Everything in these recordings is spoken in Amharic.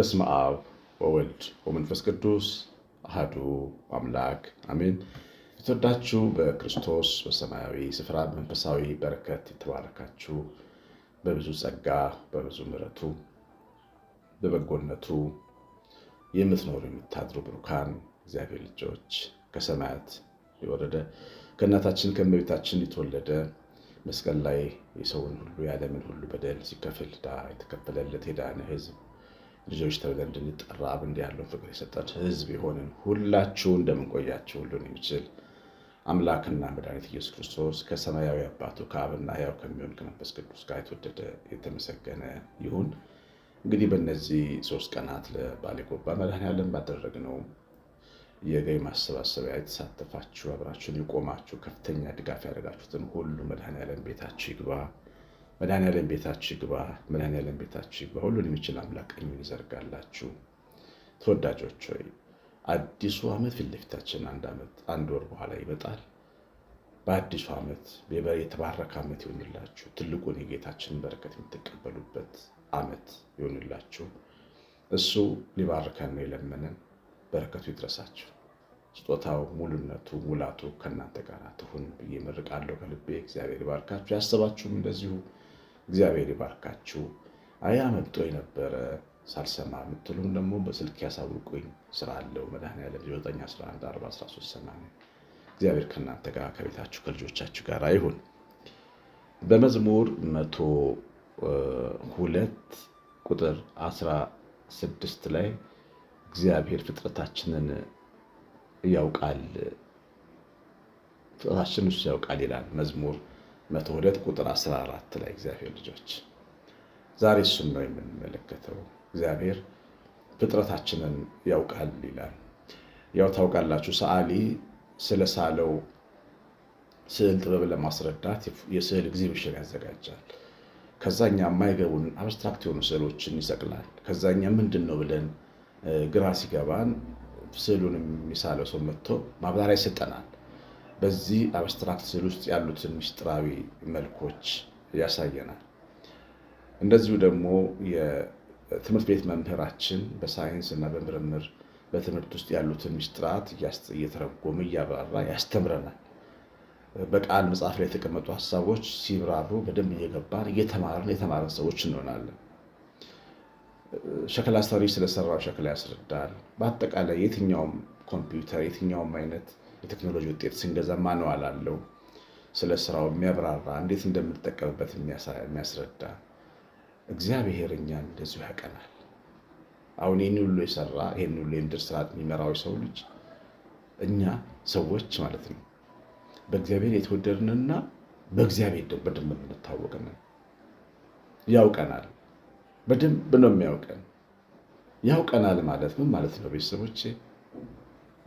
በስመ አብ ወወልድ ወመንፈስ ቅዱስ አህዱ አምላክ አሜን። የተወዳችሁ በክርስቶስ በሰማያዊ ስፍራ በመንፈሳዊ በረከት የተባረካችሁ በብዙ ጸጋ በብዙ ምሕረቱ በበጎነቱ የምትኖሩ የምታድሩ ብሩካን እግዚአብሔር ልጆች ከሰማያት የወረደ ከእናታችን ከእመቤታችን የተወለደ መስቀል ላይ የሰውን ሁሉ የዓለምን ሁሉ በደል ሲከፍል ዳ የተከፈለለት የዳነ ሕዝብ ልጆች ተብለን እንድንጠራ አብ እንዲህ ያለውን ፍቅር የሰጠን ህዝብ የሆንን ሁላችሁ እንደምንቆያችሁ ሁሉን የሚችል አምላክና መድኃኒት ኢየሱስ ክርስቶስ ከሰማያዊ አባቱ ከአብና ያው ከሚሆን ከመንፈስ ቅዱስ ጋር የተወደደ የተመሰገነ ይሁን። እንግዲህ በእነዚህ ሶስት ቀናት ለባሌ ጎባ መድኃኔዓለም ባደረግነው የገቢ ማሰባሰቢያ የተሳተፋችሁ አብራችሁን የቆማችሁ ከፍተኛ ድጋፍ ያደረጋችሁትን ሁሉ መድኃኔዓለም ቤታችሁ ይግባ። መድኃኔዓለም ቤታችሁ ግባ፣ መድኃኔዓለም ቤታችሁ ግባ። ሁሉን የሚችል አምላክ ቀኙን ይዘርጋላችሁ። ተወዳጆች ሆይ አዲሱ ዓመት ፊት ለፊታችን አንድ ዓመት አንድ ወር በኋላ ይመጣል። በአዲሱ ዓመት የተባረከ ዓመት ይሆንላችሁ። ትልቁን የጌታችንን በረከት የምትቀበሉበት ዓመት ይሆንላችሁ። እሱ ሊባርከን ነው የለመነን። በረከቱ ይድረሳችሁ። ስጦታው ሙሉነቱ፣ ሙላቱ ከእናንተ ጋር ትሁን ብዬ መርቃለሁ ከልቤ። እግዚአብሔር ይባርካችሁ። ያሰባችሁም እንደዚሁ እግዚአብሔር ይባርካችሁ። አያመልጦ የነበረ ሳልሰማ የምትሉም ደግሞ በስልክ ያሳውቁኝ። ስራ አለው መድኃኒዓለም 9114138 እግዚአብሔር ከእናንተ ጋር ከቤታችሁ ከልጆቻችሁ ጋር ይሁን። በመዝሙር መቶ ሁለት ቁጥር 16 ላይ እግዚአብሔር ፍጥረታችንን ያውቃል፣ ፍጥረታችንን እሱ ያውቃል ይላል መዝሙር መቶ ሁለት ቁጥር 14 ላይ እግዚአብሔር ልጆች ዛሬ እሱን ነው የምንመለከተው። እግዚአብሔር ፍጥረታችንን ያውቃል ይላል። ያው ታውቃላችሁ፣ ሰዓሊ ስለ ሳለው ስዕል ጥበብ ለማስረዳት የስዕል ኤግዚቢሽን ያዘጋጃል። ከዛኛ የማይገቡን አብስትራክት የሆኑ ስዕሎችን ይሰቅላል። ከዛኛ ምንድን ነው ብለን ግራ ሲገባን ስዕሉን የሚሳለው ሰው መጥቶ ማብራሪያ ይሰጠናል። በዚህ አብስትራክት ስዕል ውስጥ ያሉትን ምስጢራዊ መልኮች ያሳየናል። እንደዚሁ ደግሞ የትምህርት ቤት መምህራችን በሳይንስ እና በምርምር በትምህርት ውስጥ ያሉትን ምስጢራት እየተረጎመ እያብራራ ያስተምረናል። በቃል መጽሐፍ ላይ የተቀመጡ ሀሳቦች ሲብራሩ በደንብ እየገባን እየተማርን የተማረን ሰዎች እንሆናለን። ሸክላ ሰሪ ስለሰራው ሸክላ ያስረዳል። በአጠቃላይ የትኛውም ኮምፒውተር የትኛውም አይነት የቴክኖሎጂ ውጤት ስንገዛ ማንዋል አለው። ስለ ስራው የሚያብራራ እንዴት እንደምንጠቀምበት የሚያስረዳ እግዚአብሔር እኛ እንደዚሁ ያቀናል። አሁን ይህን ሁሉ የሰራ ይህን ሁሉ የምድር ስርዓት የሚመራው ሰው ልጅ እኛ ሰዎች ማለት ነው በእግዚአብሔር የተወደድንና በእግዚአብሔር በደንብ የምንታወቅ ያውቀናል፣ በደንብ ነው የሚያውቀን። ያውቀናል ማለት ምን ማለት ነው? ቤተሰቦቼ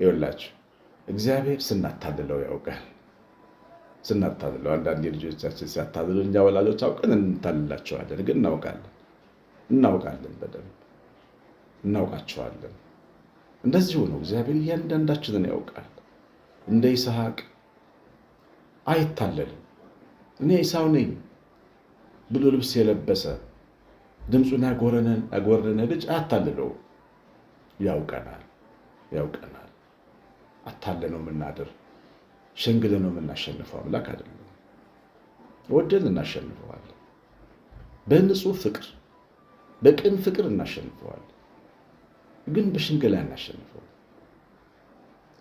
ይወላችሁ እግዚአብሔር ስናታልለው ያውቃል። ስናታልለው አንዳንድ ልጆቻችን ሲያታልሉ እኛ ወላጆች አውቀን እንታልላቸዋለን፣ ግን እናውቃለን እናውቃለን በደንብ እናውቃቸዋለን። እንደዚሁ ነው እግዚአብሔር እያንዳንዳችንን ያውቃል። እንደ ይስሐቅ አይታለልም። እኔ ኢሳው ነኝ ብሎ ልብስ የለበሰ ድምፁን ያጎረነ ልጅ አታልለው ያውቀናል ያውቀናል። አታለ ነው የምናድር፣ ሸንግለ ነው የምናሸንፈው አምላክ አይደለም። ወደን እናሸንፈዋለን። በንጹህ ፍቅር፣ በቅን ፍቅር እናሸንፈዋለን። ግን በሽንገላ እናሸንፈው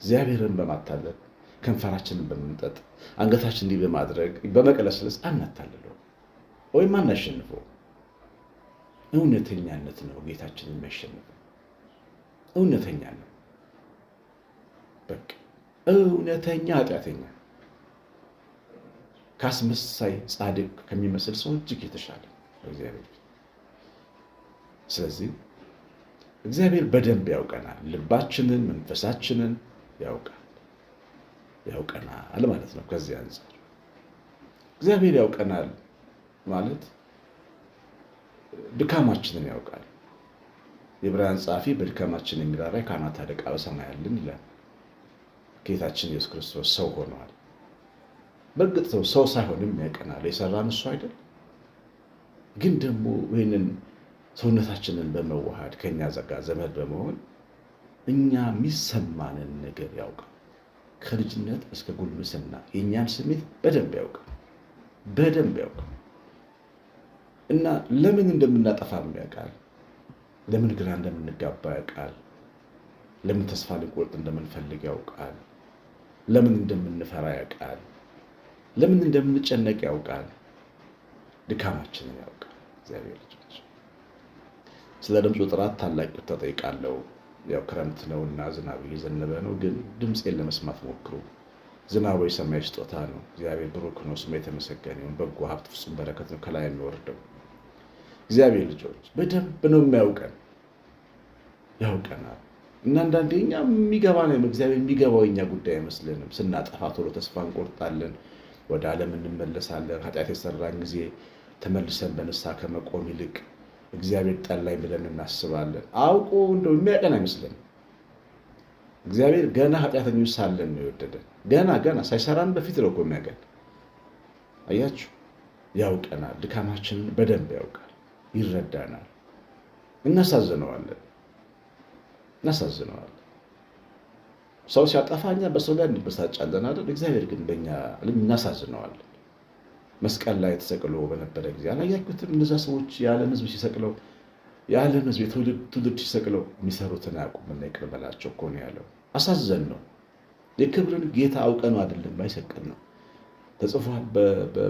እግዚአብሔርን በማታለል ከንፈራችንን በመምጠጥ አንገታችን እንዲህ በማድረግ በመቀለስለስ አናታልለው ወይም አናሸንፈው። እውነተኛነት ነው ጌታችን የሚያሸንፈው እውነተኛነት እውነተኛ ኃጢአተኛ ከአስመሳይ ጻድቅ ከሚመስል ሰው እጅግ የተሻለ እግዚአብሔር። ስለዚህ እግዚአብሔር በደንብ ያውቀናል። ልባችንን፣ መንፈሳችንን ያውቃል ያውቀናል ማለት ነው። ከዚህ አንጻር እግዚአብሔር ያውቀናል ማለት ድካማችንን ያውቃል። የዕብራውያን ጸሐፊ በድካማችን የሚራራ የካህናት አለቃ በሰማይ አለን ይላል። ጌታችን ኢየሱስ ክርስቶስ ሰው ሆነዋል። በእርግጥ ሰው ሰው ሳይሆንም ያቀናል የሰራን እሱ አይደል። ግን ደግሞ ይህንን ሰውነታችንን በመዋሃድ ከኛ ዘጋ ዘመድ በመሆን እኛ የሚሰማንን ነገር ያውቃል። ከልጅነት እስከ ጉልምስና የእኛን ስሜት በደንብ ያውቃል፣ በደንብ ያውቃል እና ለምን እንደምናጠፋም ያውቃል፣ ለምን ግራ እንደምንጋባ ያውቃል፣ ለምን ተስፋ ልንቆርጥ እንደምንፈልግ ያውቃል። ለምን እንደምንፈራ ያውቃል። ለምን እንደምንጨነቅ ያውቃል። ድካማችንን ያውቃል እግዚአብሔር ልጆች። ስለ ድምፁ ጥራት ታላቅ ተጠይቃለው ያው ክረምት ነው እና ዝናብ እየዘነበ ነው፣ ግን ድምፄን ለመስማት ሞክሩ። ዝናቡ የሰማይ ስጦታ ነው። እግዚአብሔር ብሩክ ነው፣ ስሙ የተመሰገነ ይሁን። በጎ ሀብት፣ ፍጹም በረከት ነው ከላይ የሚወርደው። እግዚአብሔር ልጆች በደንብ ነው የሚያውቀን፣ ያውቀናል እና አንዳንዴ እኛ የሚገባ ነው እግዚአብሔር የሚገባው የኛ ጉዳይ አይመስልንም። ስናጠፋ ቶሎ ተስፋ እንቆርጣለን፣ ወደ ዓለም እንመለሳለን። ኃጢአት የሰራን ጊዜ ተመልሰን በንስሐ ከመቆም ይልቅ እግዚአብሔር ጠላኝ ብለን እናስባለን። አውቆ እንደው የሚያቀን አይመስልንም። እግዚአብሔር ገና ኃጢአተኞች ሳለን ነው የወደደን። ገና ገና ሳይሰራን በፊት ነው እኮ የሚያቀን። አያችሁ፣ ያውቀናል። ድካማችንን በደንብ ያውቃል፣ ይረዳናል፣ እናሳዝነዋለን። እናሳዝነዋል። ሰው ሲያጠፋ እኛ በሰው ላይ እንበሳጫለን አይደል? እግዚአብሔር ግን በእኛ እናሳዝነዋል። መስቀል ላይ ተሰቅሎ በነበረ ጊዜ አላያችሁትም? እነዛ ሰዎች የዓለም ህዝብ ሲሰቅለው የዓለም ህዝብ የትውልድ ሲሰቅለው የሚሰሩትን አያውቁምና ይቅር በላቸው እኮ ነው ያለው። አሳዘን ነው። የክብርን ጌታ አውቀነው አይደለም ባይሰቅል ነው ተጽፏል።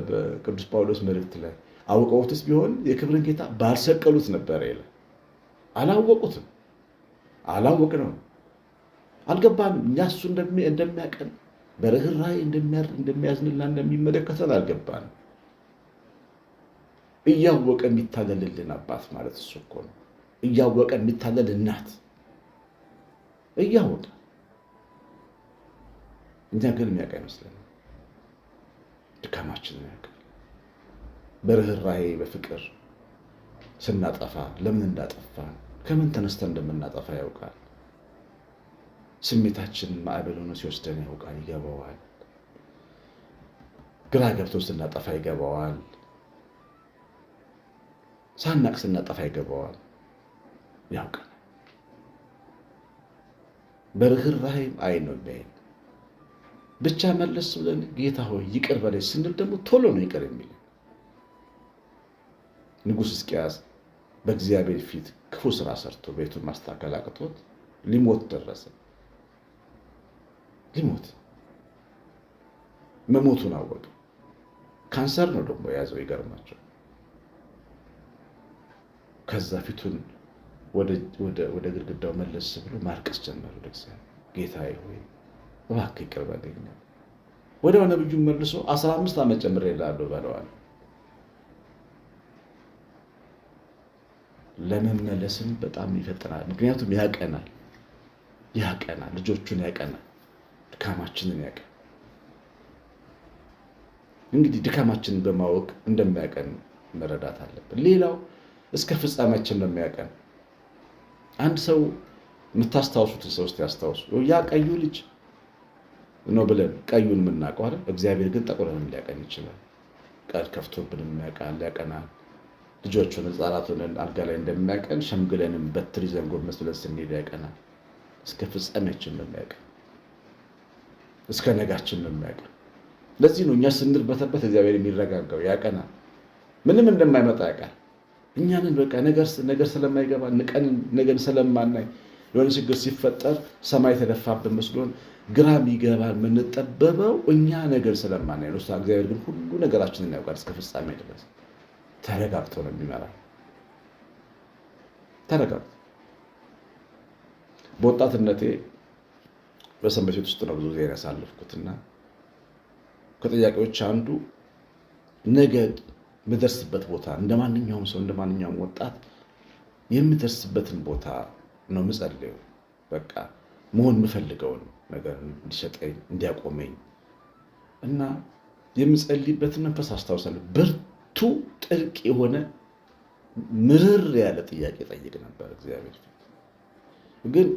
በቅዱስ ጳውሎስ መልእክት ላይ አውቀውትስ ቢሆን የክብርን ጌታ ባልሰቀሉት ነበረ ይላል። አላወቁትም። አላወቅ ነው አልገባንም። እኛ እሱ እንደሚያቀን በርኅራኄ እንደሚያዝንላ እንደሚመለከተን አልገባንም። እያወቀ የሚታለልልን አባት ማለት እሱ እኮ ነው። እያወቀ የሚታለል እናት እያወቀ እኛ ግን የሚያውቅ አይመስለንም። ድካማችንን ያውቃል። በርኅራኄ በፍቅር ስናጠፋ ለምን እንዳጠፋን ከምን ተነስተን እንደምናጠፋ ያውቃል። ስሜታችን ማዕበል ሆኖ ሲወስደን ያውቃል፣ ይገባዋል። ግራ ገብቶ ስናጠፋ ይገባዋል። ሳናቅ ስናጠፋ ይገባዋል፣ ያውቃል። በርህራሄም አይን ነው የሚያየን። ብቻ መለስ ብለን ጌታ ሆይ ይቅር በላይ ስንል ደግሞ ቶሎ ነው ይቅር የሚል ንጉሥ ሕዝቅያስ በእግዚአብሔር ፊት ክፉ ስራ ሰርቶ ቤቱን ማስተካከል አቅቶት ሊሞት ደረሰ። ሊሞት መሞቱን አወቀ። ካንሰር ነው ደግሞ የያዘው። ይገርማቸው። ከዛ ፊቱን ወደ ግድግዳው መለስ ብሎ ማልቀስ ጀመረ። ደግሰ ጌታ ሆይ እባክህ ይቅር በለኝ። ወዲያው ነብዩን መልሶ አስራ አምስት ዓመት ጨምሬልሃለሁ በለዋል። ለመመለስም በጣም ይፈጥናል። ምክንያቱም ያቀናል ያቀናል ልጆቹን ያቀናል፣ ድካማችንን ያቀናል። እንግዲህ ድካማችንን በማወቅ እንደሚያቀን መረዳት አለብን። ሌላው እስከ ፍጻሜያችን ነው አንድ ሰው የምታስታውሱትን ሰው ያስታውሱ። ያ ቀዩ ልጅ ነው ብለን ቀዩን የምናውቀው አይደል? እግዚአብሔር ግን ጠቁረንም ሊያቀን ይችላል። ቃል ከፍቶብንም ያቀናል ልጆቹን ህፃናቱን አልጋ ላይ እንደሚያቀን ሸምግለንም በትር ይዘን ጎንበስ ብለን ስንሄድ ያቀናል። እስከ ፍጻሜያችን ነው የሚያቀን፣ እስከ ነጋችን ነው የሚያቀን። ለዚህ ነው እኛ ስንርበተበት እግዚአብሔር የሚረጋጋው ያቀናል። ምንም እንደማይመጣ ያውቃል። እኛንን በቃ ነገር ስለማይገባ ንቀን ነገን ስለማናይ የሆነ ችግር ሲፈጠር ሰማይ የተደፋብን መስሎን ግራ የሚገባን የምንጠበበው እኛ ነገር ስለማናይ ነው። እግዚአብሔር ግን ሁሉ ነገራችንን ያውቃል እስከ ፍጻሜ ድረስ ተረጋግቶ ነው የሚመራ። ተረጋግቶ በወጣትነቴ በሰንበት ቤት ውስጥ ነው ብዙ ጊዜ ያሳለፍኩትና ከጥያቄዎች አንዱ ነገ የምደርስበት ቦታ እንደ ማንኛውም ሰው እንደ ማንኛውም ወጣት የምደርስበትን ቦታ ነው የምጸልየው። በቃ መሆን የምፈልገውን ነገር እንዲሰጠኝ እንዲያቆመኝ እና የምጸልይበትን መንፈስ አስታውሳለሁ። ጥልቅ የሆነ ምርር ያለ ጥያቄ ጠይቅ ነበር እግዚአብሔር ፊት። ግን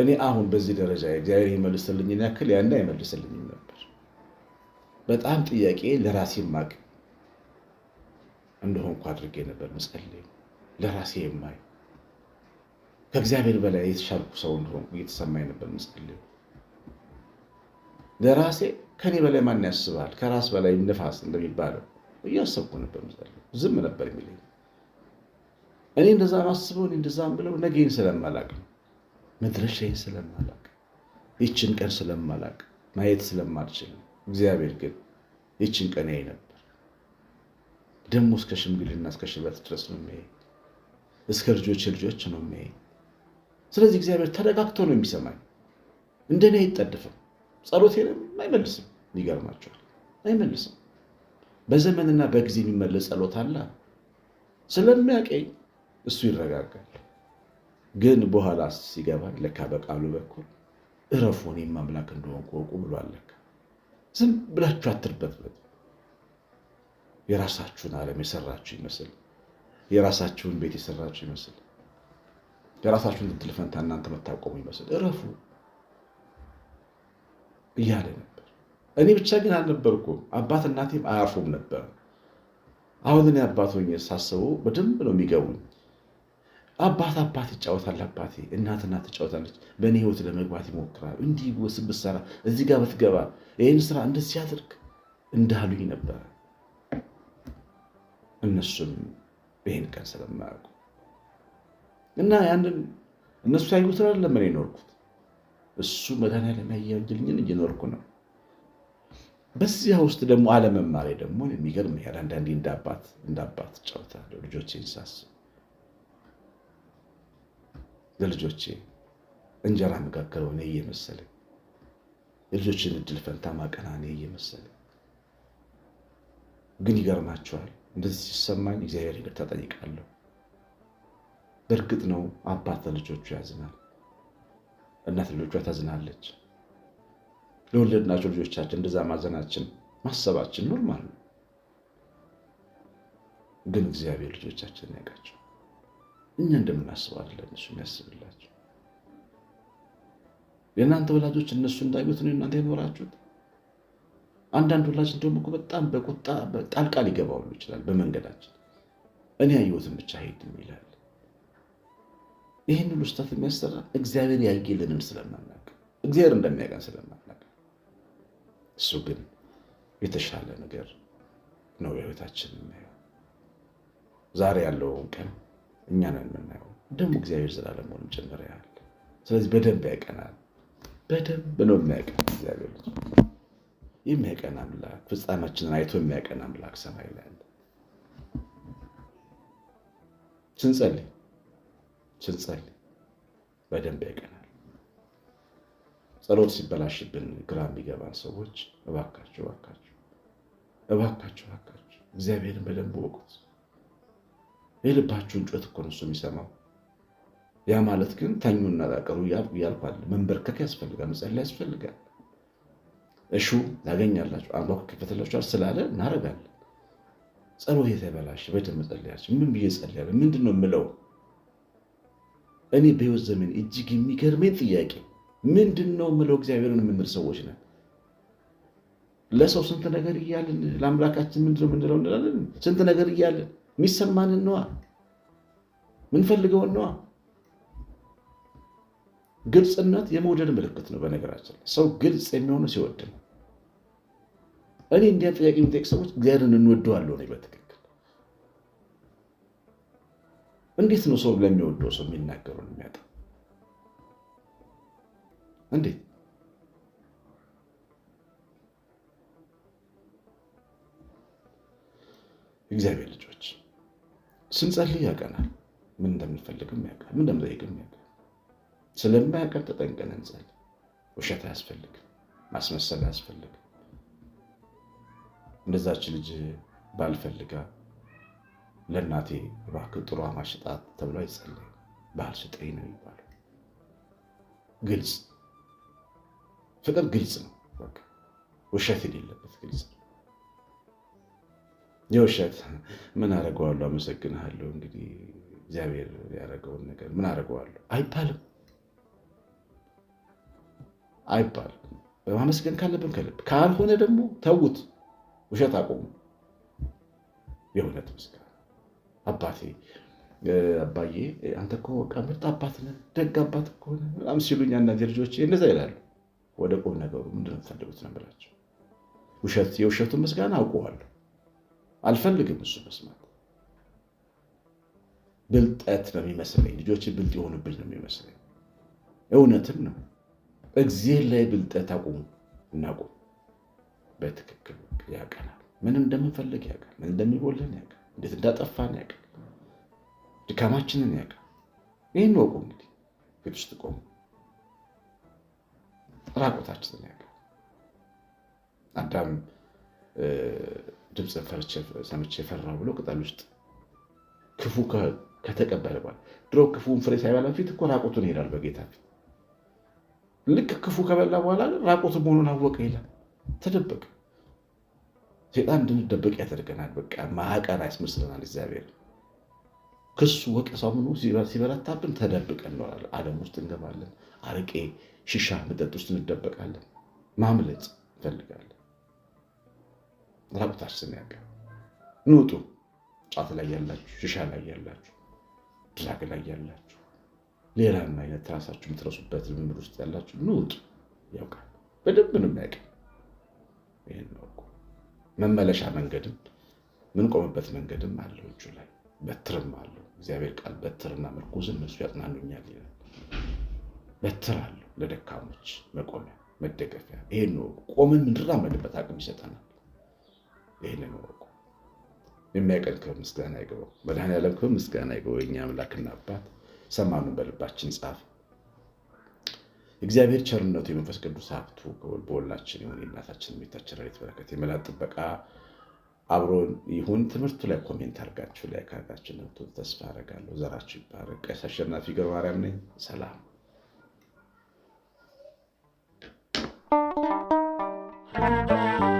እኔ አሁን በዚህ ደረጃ እግዚአብሔር ይመልስልኝን ያክል ያን አይመልስልኝም ነበር። በጣም ጥያቄ ለራሴ ማቅ እንደሆንኩ አድርጌ ነበር መጸለይ ለራሴ የማይ ከእግዚአብሔር በላይ የተሻልኩ ሰው እንደሆንኩ እየተሰማኝ ነበር መጸለይ ለራሴ ከኔ በላይ ማን ያስባል ከራስ በላይ ነፋስ እንደሚባለው እያሰብኩ ነበር። ዝም ነበር የሚለኝ። እኔ እንደዛ ማስበው እኔ እንደዛ ብለው ነገን ስለማላቅ መድረሻዬን ስለማላቅ ይችን ቀን ስለማላቅ ማየት ስለማልችል እግዚአብሔር ግን ይችን ቀን ያይ ነበር። ደግሞ እስከ ሽምግልና እስከ ሽበት ድረስ ነው የሚያይ፣ እስከ ልጆች ልጆች ነው የሚያይ። ስለዚህ እግዚአብሔር ተረጋግቶ ነው የሚሰማኝ። እንደኔ አይጠድፍም፣ ጸሎቴንም አይመልስም። ይገርማቸዋል፣ አይመልስም በዘመንና በጊዜ የሚመለስ ጸሎት አለ። ስለሚያቀኝ እሱ ይረጋጋል። ግን በኋላ ሲገባ ለካ በቃሉ በኩል እረፉ እኔም አምላክ እንደሆንኩ እወቁ ብሏል። ለካ ዝም ብላችሁ አትርበትበት። የራሳችሁን ዓለም የሰራችሁ ይመስል የራሳችሁን ቤት የሰራችሁ ይመስል የራሳችሁን ትልፈንታ እናንተ መታቆሙ ይመስል እረፉ እያለ ነው። እኔ ብቻ ግን አልነበርኩም፣ አባት እናቴም አያርፉም ነበር። አሁን እኔ አባት ሆኜ ሳስበው በደንብ ነው የሚገቡኝ። አባት አባት ይጫወታል፣ አባቴ እናት እናት ትጫወታለች። በእኔ ህይወት ለመግባት ይሞክራል። እንዲህ ወስብ ብትሰራ፣ እዚህ ጋር ብትገባ፣ ይህን ስራ እንደዚህ ያድርግ እንዳሉኝ ነበረ። እነሱም ይህን ቀን ስለማያውቁ እና ያንን እነሱ ያዩትን አይደለም እኔ የኖርኩት እሱ መድኃኒዓለም ያየልኝን እየኖርኩ ነው። በዚያ ውስጥ ደግሞ አለመማሬ ደግሞ የሚገርም ያል አንዳንዴ እንዳባት እንዳባት ጫውታለሁ ልጆቼን ሳስብ ለልጆቼ እንጀራ መካከል ሆነ እየመሰለኝ የልጆችን እድል ፈንታ ማቀናኔ እየመሰለኝ ግን ይገርማቸዋል። እንደዚህ ሲሰማኝ እግዚአብሔር ይቅርታ ጠይቃለሁ። በእርግጥ ነው አባት ለልጆቹ ያዝናል፣ እናት ለልጇ ታዝናለች። ለወለድናቸው ልጆቻችን እንደዛ ማዘናችን ማሰባችን ኖርማል ነው። ግን እግዚአብሔር ልጆቻችንን ያውቃቸው። እኛ እንደምናስበው አይደለም እሱ የሚያስብላቸው። የእናንተ ወላጆች እነሱ እንዳዩት ነው እናንተ የኖራችሁት። አንዳንድ ወላጅ እንደውም እኮ በጣም በቁጣ ጣልቃ ሊገባ ሁሉ ይችላል። በመንገዳችን እኔ ያየሁትን ብቻ ሄድ ይላል። ይህን ሁሉ ስህተት የሚያሰራ እግዚአብሔር ያየልንን ስለማናውቅ እግዚአብሔር እንደሚያውቀን ስለማ እሱ ግን የተሻለ ነገር ነው በህይወታችን የምናየው። ዛሬ ያለውን ቀን እኛ ነን የምናየው፣ ደግሞ እግዚአብሔር ዘላለም ሆኖም ጭምር ያህል። ስለዚህ በደንብ ያቀናል፣ በደንብ ነው የሚያቀናል። እግዚአብሔር የሚያቀን አምላክ፣ ፍጻሜያችንን አይቶ የሚያቀን አምላክ ሰማይ ላይ አለ። ስንጸልይ ስንጸልይ በደንብ ያቀናል። ጸሎት ሲበላሽብን ግራ የሚገባን ሰዎች እባካችሁ እባካችሁ እባካችሁ እባካችሁ እግዚአብሔርን በደንብ ወቁት። የልባችሁን ጩኸት እኮ ነው እሱ የሚሰማው። ያ ማለት ግን ተኙ ጣቀሩ ያልኳል። መንበርከክ ያስፈልጋል፣ መጸለይ ያስፈልጋል። እሹ ያገኛላችሁ አምላኩ ይከፈትላችኋል ስላለ እናደርጋለን። ጸሎት የተበላሽ በደንብ መጸለያችሁ ምን ብዬ ጸልያለሁ? ምንድን ነው የምለው? እኔ በሕይወት ዘመን እጅግ የሚገርመኝ ጥያቄ ምንድን ነው የምለው እግዚአብሔርን የምንል ሰዎች ነን። ለሰው ስንት ነገር እያልን ለአምላካችን ምንድነው የምንለው እንላለን። ስንት ነገር እያልን የሚሰማንን ነዋ፣ ምንፈልገውን ነዋ። ግልጽነት የመውደድ ምልክት ነው። በነገራችን ሰው ግልጽ የሚሆነ ሲወድ ነው። እኔ እንዲያ ጥያቄ የሚጠይቅ ሰዎች እግዚአብሔርን እንወደዋለሁ ነው በትክክል። እንዴት ነው ሰው ለሚወደው ሰው የሚናገረውን የሚያጠ እንዴ እግዚአብሔር ልጆች ስንጸልይ ያውቀናል። ምን እንደምንፈልግም ያውቃል። ምን እንደምንጠይቅም ያውቃል። ስለማያውቀን ተጠንቀን እንጸልይ። ውሸት አያስፈልግም። ማስመሰል አያስፈልግም። እንደዛች ልጅ ባልፈልጋ ለእናቴ እባክህ ጥሩ አማሽጣት ተብሎ አይጸለይም። ባል ነው የሚባለው ግልጽ ፍቅር ግልጽ ነው፣ ውሸት የሌለበት ግልጽ ነው። የውሸት ምን አደርገዋለሁ፣ አመሰግንሃለሁ፣ እንግዲህ እግዚአብሔር ያደረገውን ነገር ምን አደርገዋለሁ አይባልም አይባልም። በማመስገን ካለብን ከልብ ካልሆነ ደግሞ ተዉት፣ ውሸት አቆሙ። የእውነት ምስጋና አባቴ አባዬ አንተ እኮ በቃ ምርጥ አባት ነህ፣ ደግ አባት ከሆነ በጣም ሲሉኝ ልጆች እንደዛ ይላሉ። ወደ ቁም ነገሩ ምንድነው የምትፈልጉት ነበራቸው። ውሸት የውሸቱን ምስጋና አውቀዋለሁ፣ አልፈልግም እሱ መስማት። ብልጠት ነው የሚመስለኝ፣ ልጆች ብልጥ የሆኑብኝ ነው የሚመስለኝ። እውነትም ነው። እግዜር ላይ ብልጠት አቁሙ እናቁም። በትክክል ያቀናል። ምን እንደምንፈልግ ያቀል፣ ምን እንደሚጎለን ያቀል፣ እንዴት እንዳጠፋን ያቀል፣ ድካማችንን ያውቃል። ይህን ወቁ እንግዲህ ቤት ውስጥ ቆሙ። ራቆታችን ያለው አዳም ድምፅ ሰምቼ ፈራ ብሎ ቅጠል ውስጥ ክፉ ከተቀበለ በኋላ ድሮ ክፉን ፍሬ ሳይበላ ፊት እኮ ራቆቱን ይሄዳል በጌታ ፊት። ልክ ክፉ ከበላ በኋላ ራቆቱ መሆኑን አወቀ ይላል። ተደበቀ። ሴጣን እንድንደበቅ ያደርገናል። በቃ ማዕቀን ያስመስለናል። እግዚአብሔር ክሱ ወቀሳው ምኑ ሲበረታብን ተደብቀን እንኖራለን። ዓለም ውስጥ እንገባለን። አርቄ ሽሻ መጠጥ ውስጥ እንደበቃለን። ማምለጥ እንፈልጋለን። ራቁታችን ያቀ ንውጡ። ጫት ላይ ያላችሁ፣ ሽሻ ላይ ያላችሁ፣ ድራግ ላይ ያላችሁ፣ ሌላም አይነት ራሳችሁ የምትረሱበት ልምምድ ውስጥ ያላችሁ ንውጡ። ያውቃል፣ በደንብ ነው የሚያውቀው። ይህን ነው እኮ መመለሻ መንገድም ምንቆምበት መንገድም አለው። እጁ ላይ በትርም አለው። እግዚአብሔር ቃል በትርና ምርኩዝን እሱ ያጽናኑኛል ይላል። በትራለሁ ለደካሞች መቆሚያ መደገፊያ። ይህን ወቁ። ቆመን እንድራመድበት አቅም ይሰጠናል። ይህን ወቁ። የሚያቀን ክብር ምስጋና ይግባው። መድኃኔዓለም ክብር ምስጋና ይግባው። የእኛ አምላክና አባት ሰማኑን በልባችን ጻፍ። እግዚአብሔር ቸርነቱ የመንፈስ ቅዱስ ሀብቱ ከወልድ በወላችን ይሁን። የእናታችን ቤታችን ራይት በረከት የመላእክት ጥበቃ አብሮን ይሁን። ትምህርቱ ላይ ኮሜንት አድርጋችሁ ላይ ካርጋችን ተስፋ አደርጋለሁ። ዘራችሁ ይባረክ። ቀሲስ አሸናፊ ገብረ ማርያም ነኝ። ሰላም Música